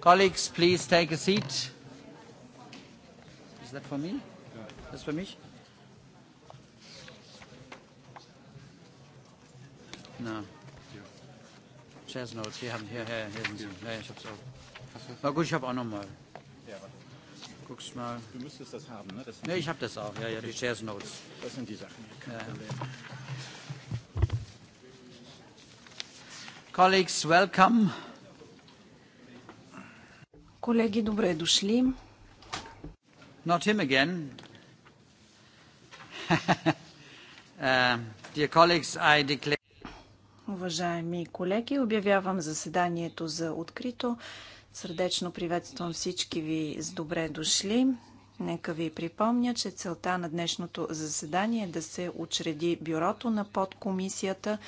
Colleagues, please take a seat. Is that for me? That's for me? No. Chairs notes. Hier haben hier, hier, hier sind sie. Ja, ich hab's auch. Na gut, ich habe auch noch mal. Guck's mal. Du müsstest das haben, ne? Das ne, ich habe das auch. Ja, ja, die Chairs Notes. Das sind die Sachen. Ja. Colleagues, welcome. Колеги, добре дошли. Not him again. uh, dear colleagues, I declare... Уважаеми колеги, обявявам заседанието за открито. Сърдечно приветствам всички ви с добре дошли. Нека ви припомня, че целта на днешното заседание е да се учреди бюрото на подкомисията,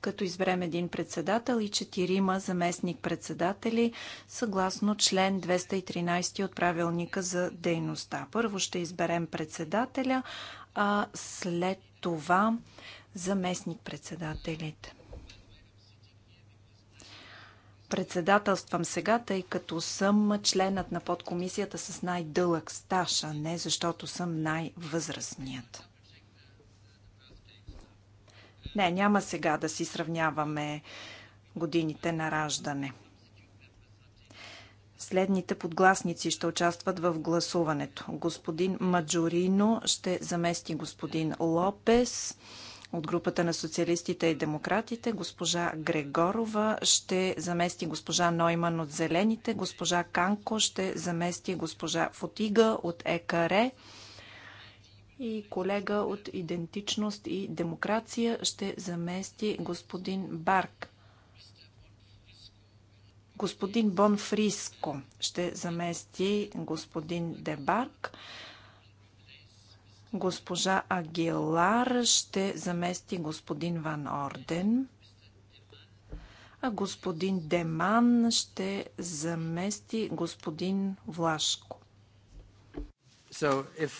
като изберем един председател и четирима заместник-председатели, съгласно член 213 от правилника за дейността. Първо ще изберем председателя, а след това заместник-председателите. Председателствам сега, тъй като съм членът на подкомисията с най-дълъг стаж, а не защото съм най-възрастният. Не, няма сега да си сравняваме годините на раждане. Следните подгласници ще участват в гласуването. Господин Маджорино ще замести господин Лопес. От групата на социалистите и демократите госпожа Грегорова ще замести госпожа Нойман от Зелените, госпожа Канко ще замести госпожа Фотига от ЕКР и колега от Идентичност и демокрация ще замести господин Барк. Господин Бонфриско ще замести господин Дебарк. Барк Госпожа Агилар ще замести господин Ван Орден, а господин Деман ще замести господин Влашко. So if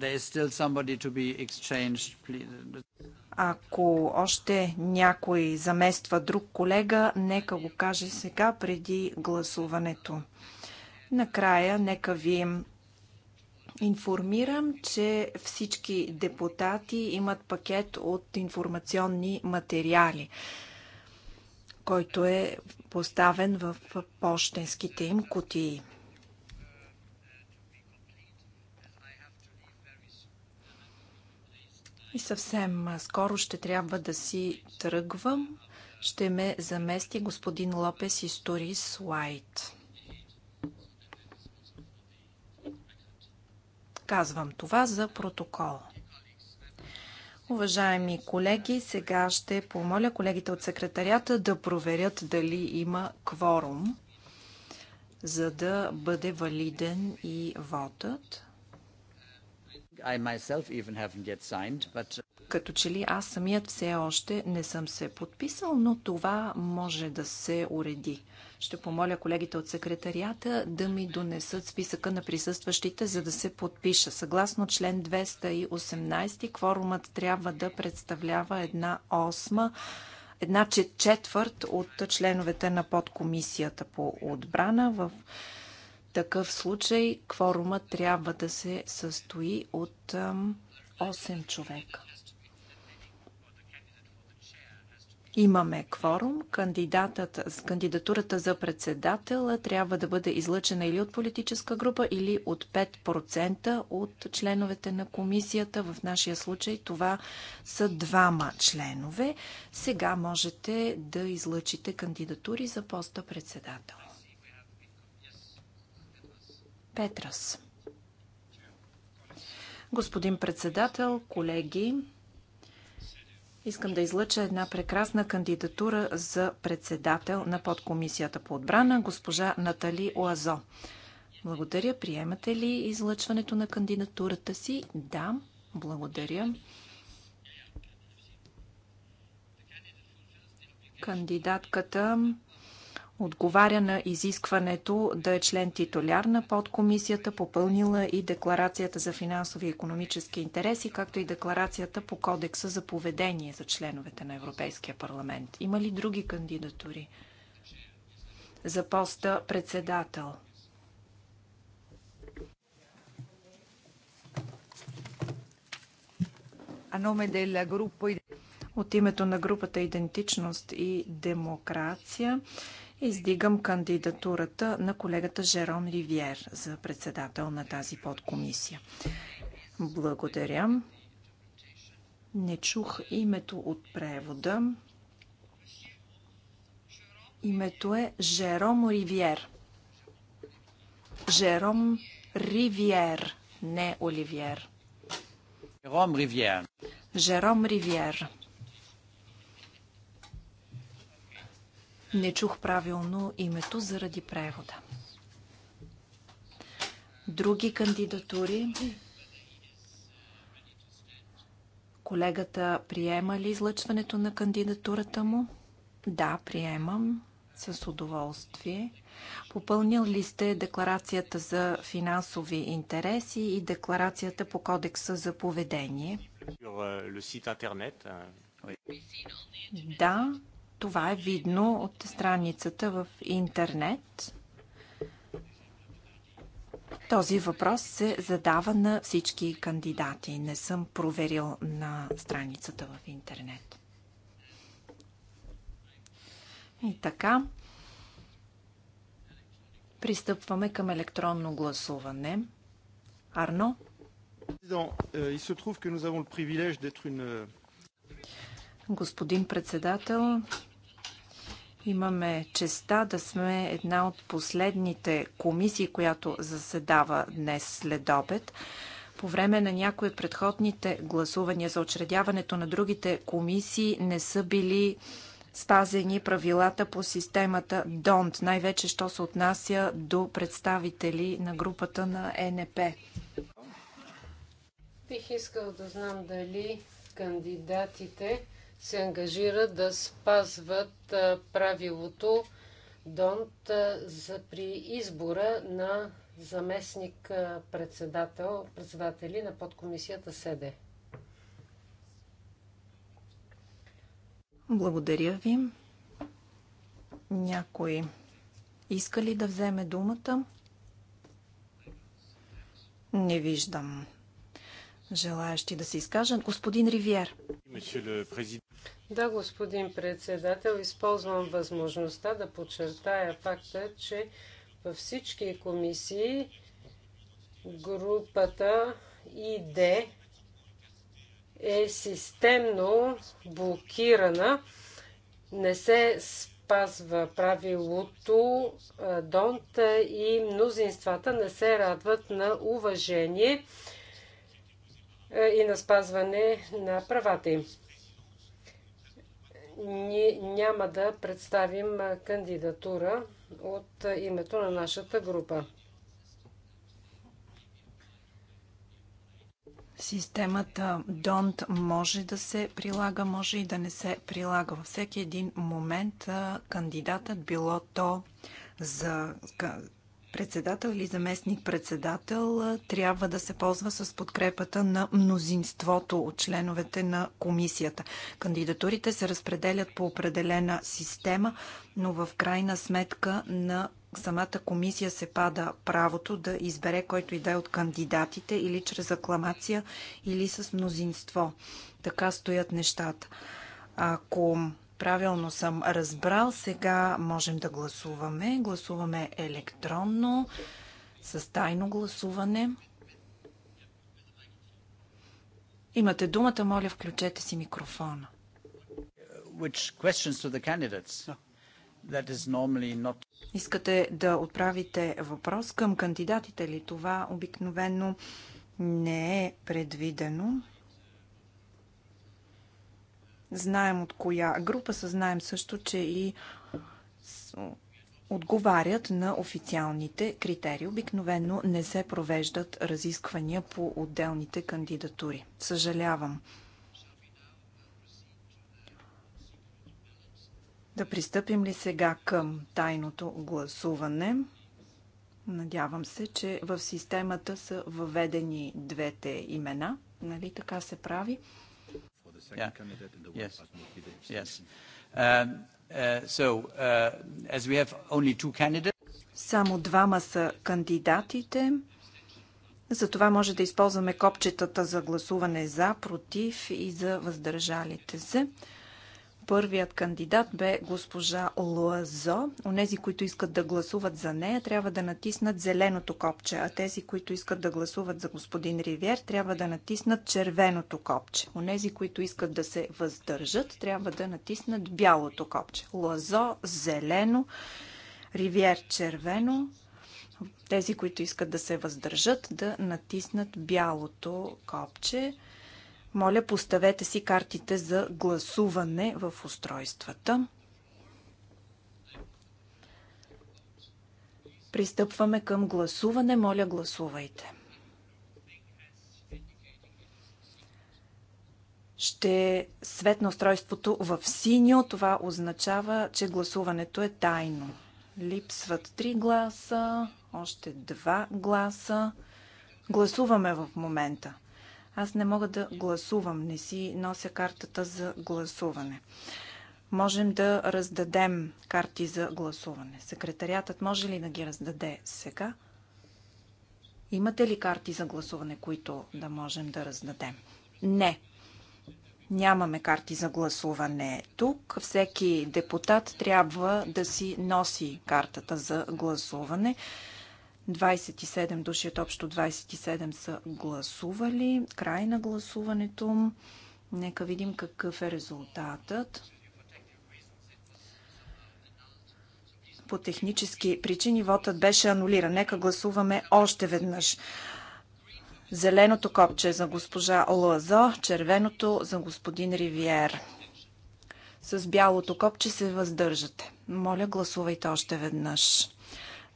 there is still somebody to be exchanged, please. Ако още някой замества друг колега, нека го каже сега преди гласуването. Накрая, нека ви информирам, че всички депутати имат пакет от информационни материали, който е поставен в почтенските им кутии. И съвсем скоро ще трябва да си тръгвам. Ще ме замести господин Лопес Историс Лайт. Казвам това за протокол. Уважаеми колеги, сега ще помоля колегите от секретарията да проверят дали има кворум, за да бъде валиден и вотът. Signed, but... Като че ли аз самият все още не съм се подписал, но това може да се уреди. Ще помоля колегите от секретарията да ми донесат списъка на присъстващите, за да се подпиша. Съгласно член 218, кворумът трябва да представлява една осма една четвърт от членовете на подкомисията по отбрана. В такъв случай кворумът трябва да се състои от 8 човека. Имаме кворум. Кандидатът с кандидатурата за председател трябва да бъде излъчена или от политическа група, или от 5% от членовете на комисията. В нашия случай това са двама членове. Сега можете да излъчите кандидатури за поста председател. Петрас. Господин председател, колеги, Искам да излъча една прекрасна кандидатура за председател на подкомисията по отбрана, госпожа Натали Оазо. Благодаря. Приемате ли излъчването на кандидатурата си? Да, благодаря. Кандидатката отговаря на изискването да е член титуляр на подкомисията, попълнила и декларацията за финансови и економически интереси, както и декларацията по кодекса за поведение за членовете на Европейския парламент. Има ли други кандидатури за поста председател? От името на групата Идентичност и демокрация Издигам кандидатурата на колегата Жером Ривиер за председател на тази подкомисия. Благодаря. Не чух името от превода. Името е Жером Ривиер. Жером Ривиер, не Оливиер. Жером Ривиер. Жером Ривиер. Не чух правилно името заради превода. Други кандидатури? Колегата приема ли излъчването на кандидатурата му? Да, приемам с удоволствие. Попълнил ли сте декларацията за финансови интереси и декларацията по кодекса за поведение? Э, э, да, това е видно от страницата в интернет. Този въпрос се задава на всички кандидати. Не съм проверил на страницата в интернет. И така, пристъпваме към електронно гласуване. Арно? Господин председател, Имаме честа да сме една от последните комисии, която заседава днес след обед. По време на някои от предходните гласувания за очредяването на другите комисии не са били спазени правилата по системата ДОНТ, най-вече що се отнася до представители на групата на НП. Бих искал да знам дали кандидатите се ангажира да спазват правилото Донт за при избора на заместник председател, председатели на подкомисията СЕДЕ. Благодаря ви. Някой иска ли да вземе думата? Не виждам желаящи да се изкажат. Господин Ривиер. Да, господин председател, използвам възможността да подчертая факта, че във всички комисии групата ИД е системно блокирана. Не се спазва правилото Донт и мнозинствата не се радват на уважение и на спазване на правата им ние няма да представим кандидатура от името на нашата група. Системата Донт може да се прилага, може и да не се прилага. Във всеки един момент кандидатът, било то за председател или заместник-председател трябва да се ползва с подкрепата на мнозинството от членовете на комисията. Кандидатурите се разпределят по определена система, но в крайна сметка на самата комисия се пада правото да избере който и да е от кандидатите или чрез акламация, или с мнозинство. Така стоят нещата. Ако правилно съм разбрал, сега можем да гласуваме. Гласуваме електронно с тайно гласуване. Имате думата, моля, включете си микрофона. Not... Искате да отправите въпрос към кандидатите ли? Това обикновено не е предвидено знаем от коя група са, знаем също, че и отговарят на официалните критерии. Обикновено не се провеждат разисквания по отделните кандидатури. Съжалявам. Да пристъпим ли сега към тайното гласуване? Надявам се, че в системата са въведени двете имена. Нали така се прави? the second yeah. candidate in the world, yes. but not be the Yes. Um, uh, so, uh, as we have only two candidates... Само двама са кандидатите. Затова може да използваме копчетата за гласуване за, против и за въздържалите се. Първият кандидат бе госпожа Луазо. Онези, които искат да гласуват за нея, трябва да натиснат зеленото копче, а тези, които искат да гласуват за господин Ривер, трябва да натиснат червеното копче. Онези, които искат да се въздържат, трябва да натиснат бялото копче. Луазо – зелено, Ривер червено, тези, които искат да се въздържат, да натиснат бялото копче. Моля, поставете си картите за гласуване в устройствата. Пристъпваме към гласуване. Моля, гласувайте. Ще светна устройството в синьо. Това означава, че гласуването е тайно. Липсват три гласа, още два гласа. Гласуваме в момента. Аз не мога да гласувам, не си нося картата за гласуване. Можем да раздадем карти за гласуване. Секретариатът може ли да ги раздаде сега? Имате ли карти за гласуване, които да можем да раздадем? Не. Нямаме карти за гласуване тук. Всеки депутат трябва да си носи картата за гласуване. 27 души от общо 27 са гласували. Край на гласуването. Нека видим какъв е резултатът. По технически причини вотът беше анулиран. Нека гласуваме още веднъж. Зеленото копче за госпожа Лазо, червеното за господин Ривиер. С бялото копче се въздържате. Моля, гласувайте още веднъж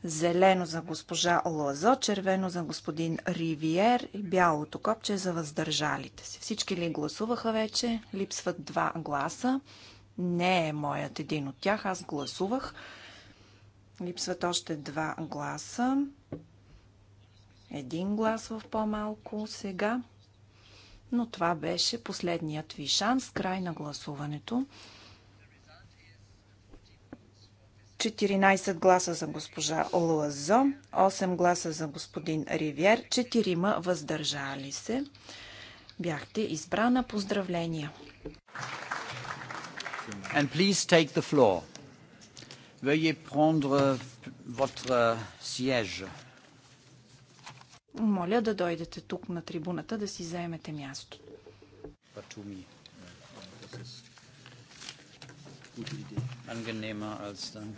зелено за госпожа Лазо, червено за господин Ривиер и бялото копче за въздържалите си. Всички ли гласуваха вече? Липсват два гласа. Не е моят един от тях. Аз гласувах. Липсват още два гласа. Един глас в по-малко сега. Но това беше последният ви шанс. Край на гласуването. 14 гласа за госпожа Лазо, 8 гласа за господин Ривер, 4 въздържали се. Бяхте избрана. Поздравления! And please take the floor. Veuillez prendre votre euh, siège. Моля да дойдете тук на трибуната да си заемете място. Батуми. Good idea angenehmer als dann.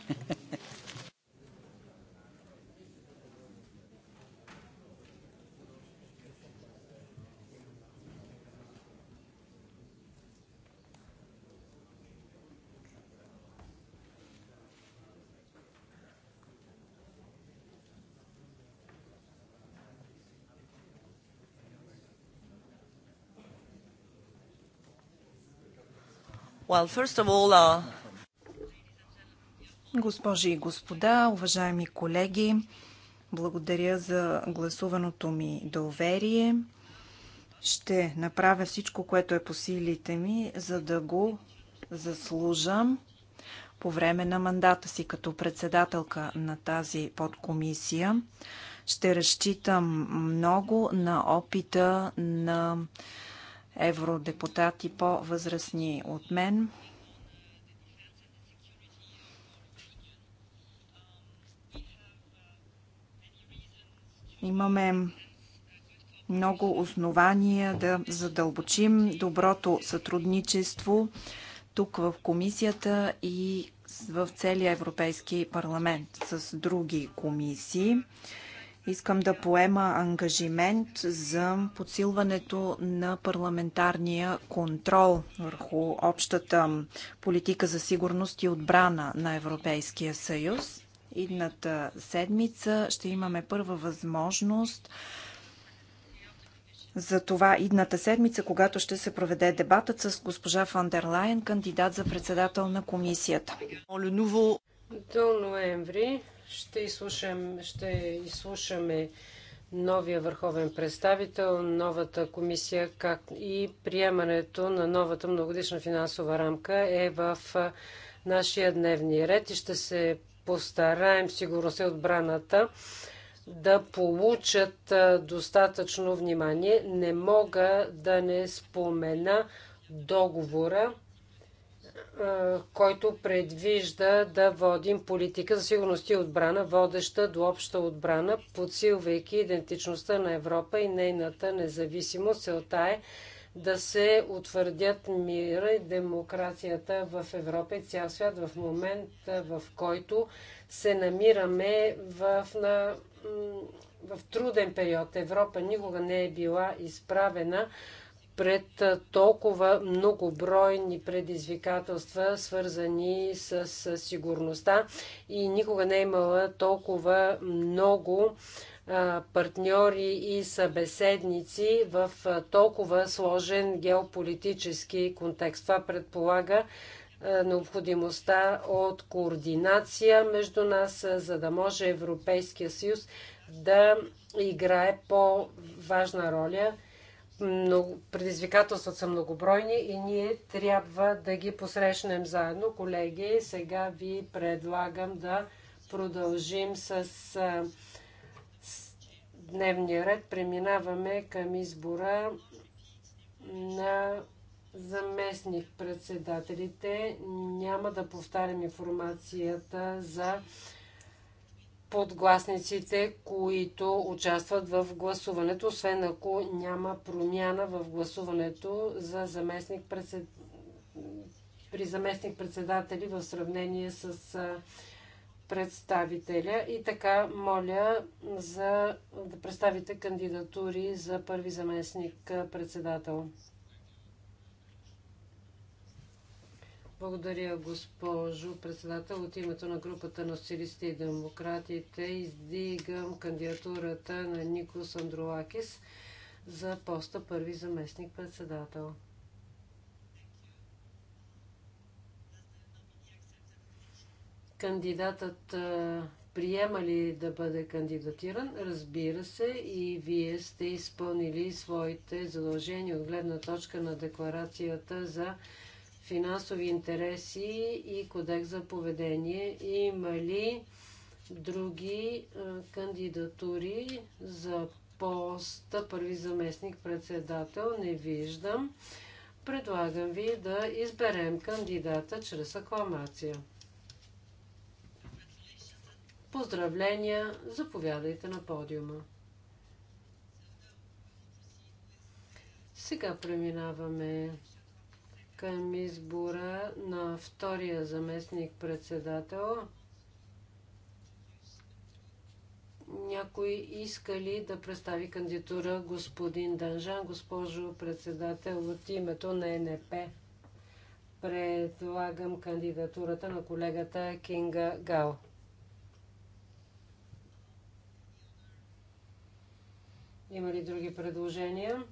Well, first of all, uh, Госпожи и господа, уважаеми колеги, благодаря за гласуваното ми доверие. Ще направя всичко, което е по силите ми, за да го заслужам по време на мандата си като председателка на тази подкомисия. Ще разчитам много на опита на евродепутати по-възрастни от мен, Имаме много основания да задълбочим доброто сътрудничество тук в комисията и в целия Европейски парламент с други комисии. Искам да поема ангажимент за подсилването на парламентарния контрол върху общата политика за сигурност и отбрана на Европейския съюз. Идната седмица ще имаме първа възможност за това идната седмица, когато ще се проведе дебатът с госпожа Лайен, кандидат за председател на комисията. До ноември ще, ще изслушаме новия върховен представител, новата комисия как и приемането на новата многодишна финансова рамка е в нашия дневни ред и ще се постараем сигурност и отбраната да получат достатъчно внимание. Не мога да не спомена договора, който предвижда да водим политика за сигурност и отбрана, водеща до обща отбрана, подсилвайки идентичността на Европа и нейната независимост. Целта е да се утвърдят мира и демокрацията в Европа и цял свят в момент, в който се намираме в, на, в труден период. Европа никога не е била изправена пред толкова многобройни предизвикателства, свързани с сигурността и никога не е имала толкова много партньори и събеседници в толкова сложен геополитически контекст. Това предполага необходимостта от координация между нас, за да може Европейския съюз да играе по-важна роля. предизвикателствата са многобройни и ние трябва да ги посрещнем заедно. Колеги, сега ви предлагам да продължим с дневния ред преминаваме към избора на заместник председателите. Няма да повтарям информацията за подгласниците, които участват в гласуването, освен ако няма промяна в гласуването за заместник председател при заместник председатели в сравнение с представителя и така моля за да представите кандидатури за първи заместник председател. Благодаря, госпожо председател. От името на групата на социалистите и демократите издигам кандидатурата на Никос Андролакис за поста първи заместник председател. Кандидатът приема ли да бъде кандидатиран? Разбира се, и вие сте изпълнили своите задължения от гледна точка на декларацията за финансови интереси и кодекс за поведение. Има ли други кандидатури за поста първи заместник председател? Не виждам. Предлагам ви да изберем кандидата чрез акламация. Поздравления! Заповядайте на подиума. Сега преминаваме към избора на втория заместник председател. Някой иска ли да представи кандидатура господин Данжан, госпожо председател от името на НП? Предлагам кандидатурата на колегата Кинга Гао. Има ли други предложения?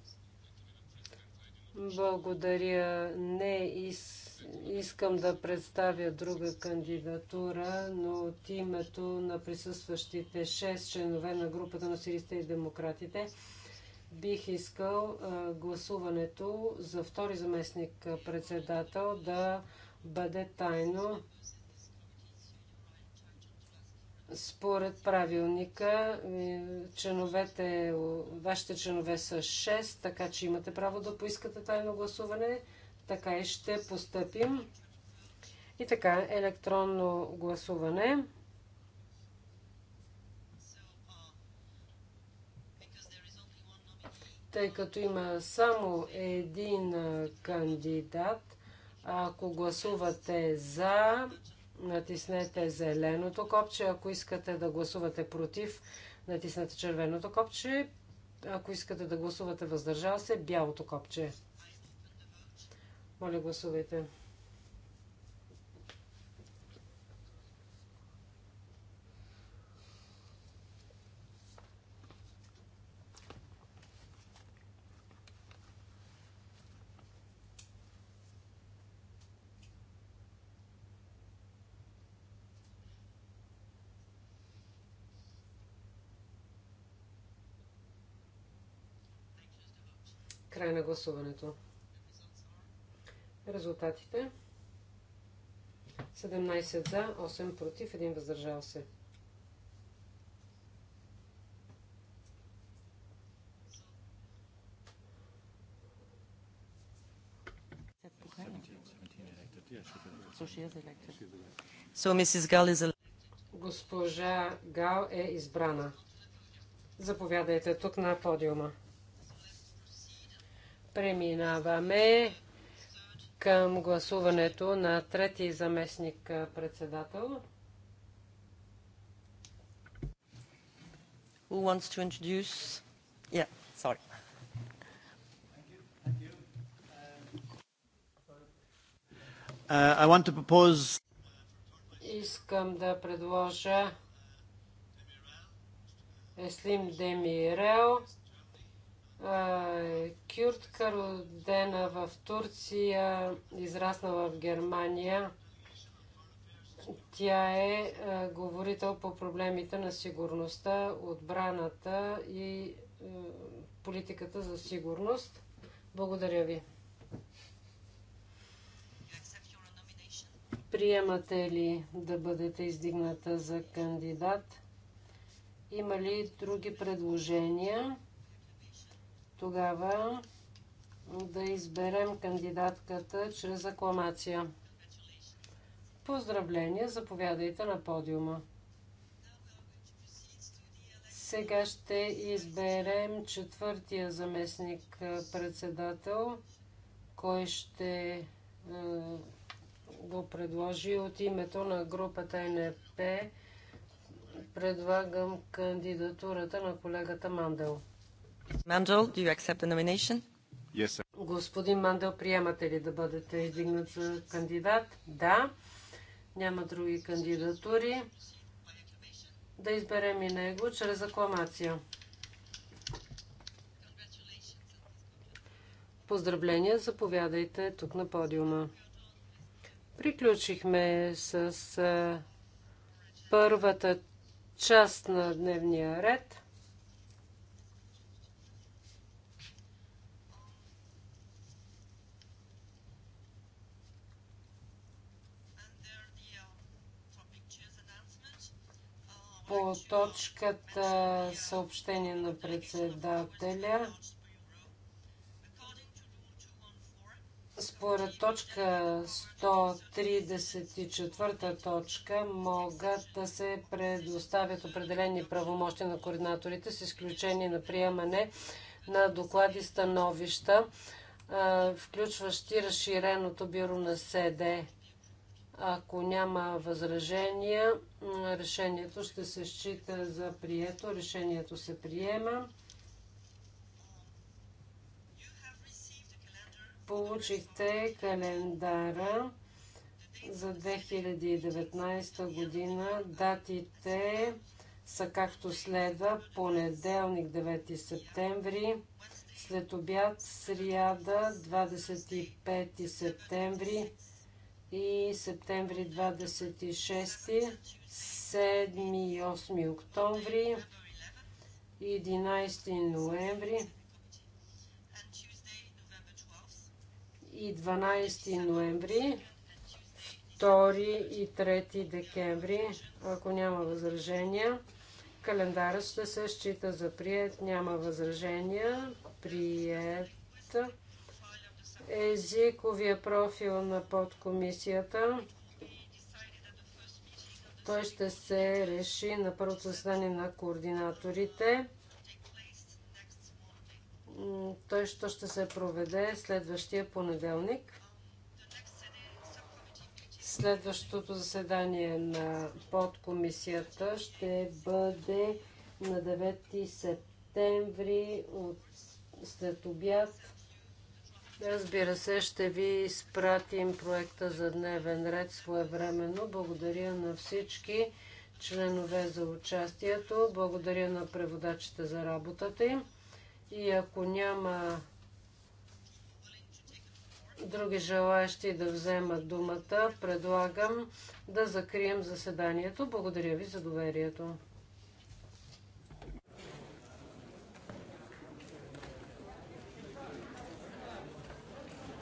Благодаря. Не из... искам да представя друга кандидатура, но от името на присъстващите 6 членове на групата на Сириста и демократите бих искал а, гласуването за втори заместник председател да бъде тайно. Според правилника, е, членовете, вашите членове са 6, така че имате право да поискате тайно гласуване. Така и ще постъпим. И така, електронно гласуване. Тъй като има само един кандидат, ако гласувате за, натиснете зеленото копче. Ако искате да гласувате против, натиснете червеното копче. Ако искате да гласувате въздържал се, бялото копче. Моля, гласувайте. Край на гласуването. Резултатите. 17 за, 8 против, 1 въздържал се. Госпожа Гал е избрана. Заповядайте тук на подиума. Преминаваме към гласуването на трети заместник председател. Who wants to introduce? Yeah, sorry. Uh, I want to propose... Искам да предложа Еслим Демирел е, Кюртка, родена в Турция, израснала в Германия. Тя е, е говорител по проблемите на сигурността, отбраната и е, политиката за сигурност. Благодаря ви. Приемате ли да бъдете издигната за кандидат? Има ли други предложения? Тогава да изберем кандидатката чрез акламация. Поздравления, заповядайте на подиума. Сега ще изберем четвъртия заместник председател, кой ще го предложи от името на групата НП. Предлагам кандидатурата на колегата Мандел. Мандел, do you accept the nomination? Yes, sir. Господин Мандел, приемате ли да бъдете издигнат за кандидат? Да. Няма други кандидатури. Да изберем и него чрез акламация. Поздравления, заповядайте тук на подиума. Приключихме с първата част на дневния ред. по точката съобщение на председателя. Според точка 134 точка могат да се предоставят определени правомощи на координаторите с изключение на приемане на доклади становища, включващи разширеното бюро на СД ако няма възражения, решението ще се счита за прието. Решението се приема. Получихте календара за 2019 година. Датите са както следва. Понеделник 9 септември, след обяд сряда 25 септември, и септември 26, 7 и 8 октомври, 11 ноември и 12 ноември, 2 и 3 декември, ако няма възражения. Календарът ще се счита за прият, няма възражения, прият езиковия профил на подкомисията. Той ще се реши на първото заседание на координаторите. Той ще, ще се проведе следващия понеделник. Следващото заседание на подкомисията ще бъде на 9 септември от след обяд Разбира се, ще ви изпратим проекта за дневен ред своевременно. Благодаря на всички членове за участието. Благодаря на преводачите за работата им. И ако няма други желаящи да вземат думата, предлагам да закрием заседанието. Благодаря ви за доверието.